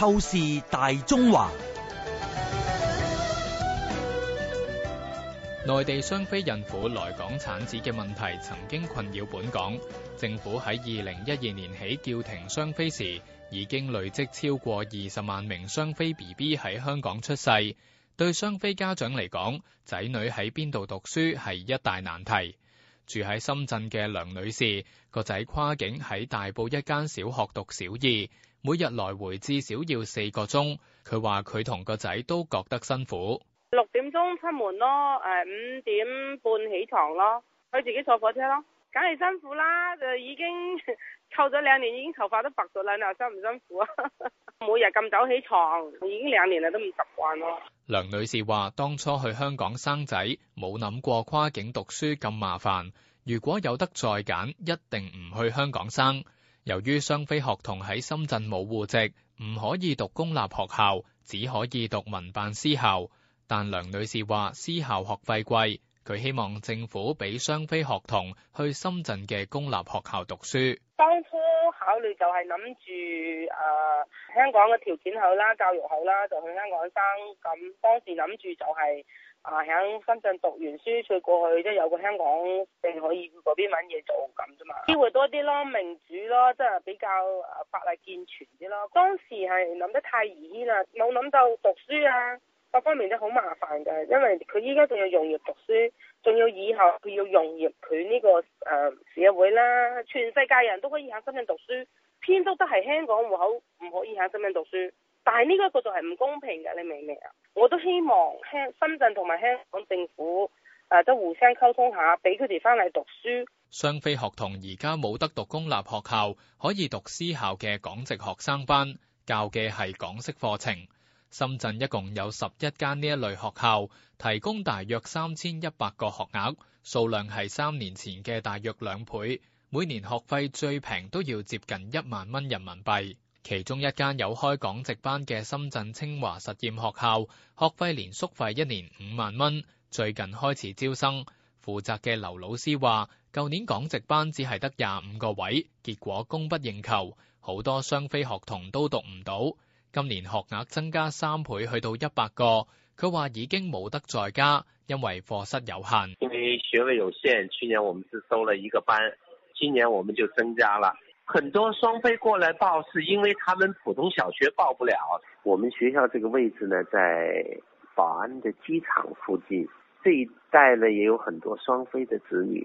透視大中華，內地雙非孕婦來港產子嘅問題曾經困擾本港。政府喺二零一二年起叫停雙非時，已經累積超過二十萬名雙非 B B 喺香港出世。對雙非家長嚟講，仔女喺邊度讀書係一大難題。住喺深圳嘅梁女士個仔跨境喺大埔一間小學讀小二。每日來回至少要四個鐘，佢話佢同個仔都覺得辛苦。六點鐘出門咯，誒五點半起床咯，佢自己坐火車咯，梗係辛苦啦，就已經湊咗兩年，已經頭髮都白咗啦，你話辛唔辛苦啊？每日咁早起床，已經兩年啦，都唔習慣咯。梁女士話：當初去香港生仔，冇諗過跨境讀書咁麻煩。如果有得再揀，一定唔去香港生。由於雙非學童喺深圳冇戶籍，唔可以讀公立學校，只可以讀民辦私校。但梁女士話，私校學費貴，佢希望政府俾雙非學童去深圳嘅公立學校讀書。考慮就係諗住誒，香港嘅條件好啦，教育好啦，就去香港生。咁當時諗住就係、是、啊，喺、呃、深圳讀完書再過去，即係有個香港定可以去嗰邊搵嘢做咁啫嘛。機會多啲咯，民主咯，即係比較誒法例健全啲咯。當時係諗得太易啦，冇諗到讀書啊。各方面都好麻煩噶，因為佢依家仲要融入讀書，仲要以後佢要融入佢呢個誒、呃、社會啦。全世界人都可以喺深圳讀書，偏都都係香港戶口唔可以喺深圳讀書。但係呢一個就係唔公平嘅，你明唔明啊？我都希望香深圳同埋香港政府誒都互相溝通下，俾佢哋翻嚟讀書。雙非學童而家冇得讀公立學校，可以讀私校嘅港籍學生班，教嘅係港式課程。深圳一共有十一間呢一類學校，提供大約三千一百個學額，數量係三年前嘅大約兩倍。每年學費最平都要接近一萬蚊人民幣。其中一間有開港籍班嘅深圳清華實驗學校，學費連宿費一年五萬蚊，最近開始招生。負責嘅劉老師話，舊年港籍班只係得廿五個位，結果供不應求，好多雙非學童都讀唔到。今年學額增加三倍，去到一百個。佢話已經冇得再加，因為課室有限。因為學位有限，去年我們只收了一個班，今年我們就增加了很多。雙非過來報，是因為他們普通小學報不了。我們學校這個位置呢，在寶安的機場附近，這一帶呢也有很多雙非的子女。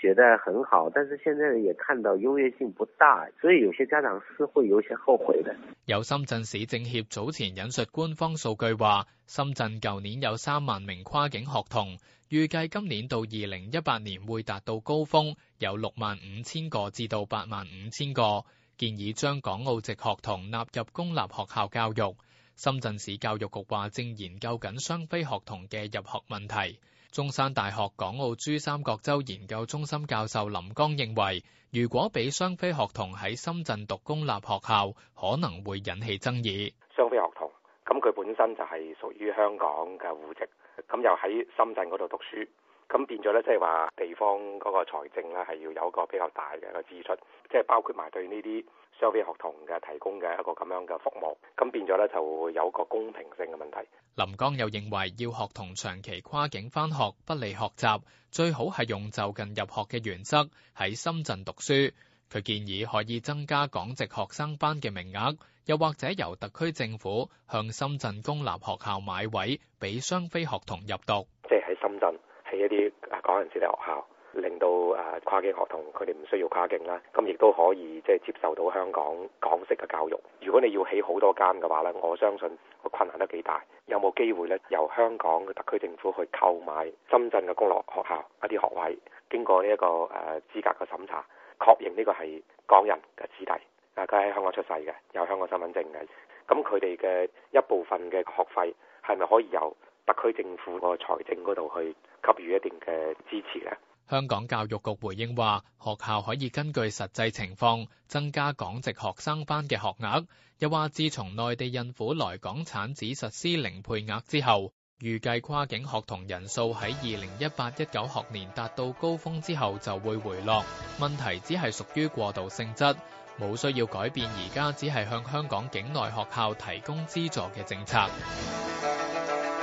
覺得很好，但是現在也看到優越性不大，所以有些家長是會有些後悔的。有深圳市政協早前引述官方數據話，深圳舊年有三萬名跨境學童，預計今年到二零一八年會達到高峰，有六萬五千個至到八萬五千個。建議將港澳籍學童納入公立學校教育。深圳市教育局話正研究緊雙非學童嘅入學問題。中山大學港澳珠三角洲研究中心教授林江認為，如果俾雙非學童喺深圳讀公立學校，可能會引起爭議。雙非學童，咁佢本身就係屬於香港嘅戶籍，咁又喺深圳嗰度讀書。咁變咗咧，即係話地方嗰個財政咧，係要有一個比較大嘅一個支出，即係包括埋對呢啲雙非學童嘅提供嘅一個咁樣嘅服務。咁變咗咧，就有個公平性嘅問題。林江又認為，要學童長期跨境返學不利學習，最好係用就近入學嘅原則喺深圳讀書。佢建議可以增加港籍學生班嘅名額，又或者由特區政府向深圳公立學校買位，俾雙非學童入讀，即係喺深圳，起一啲港人子弟學校，令到誒、呃、跨境學童佢哋唔需要跨境啦，咁亦都可以即係接受到香港港式嘅教育。如果你要起好多間嘅話咧，我相信個困難都幾大。有冇機會咧，由香港嘅特區政府去購買深圳嘅公立學校一啲學位，經過呢一個誒、呃、資格嘅審查，確認呢個係港人嘅子弟啊，佢喺香港出世嘅，有香港身份證嘅，咁佢哋嘅一部分嘅學費係咪可以由……特區政府個財政嗰度去給予一定嘅支持咧。香港教育局回應話，學校可以根據實際情況增加港籍學生班嘅學額。又話，自從內地孕婦來港產子實施零配額之後，預計跨境學童人數喺二零一八一九學年達到高峰之後就會回落。問題只係屬於過渡性質，冇需要改變。而家只係向香港境內學校提供資助嘅政策。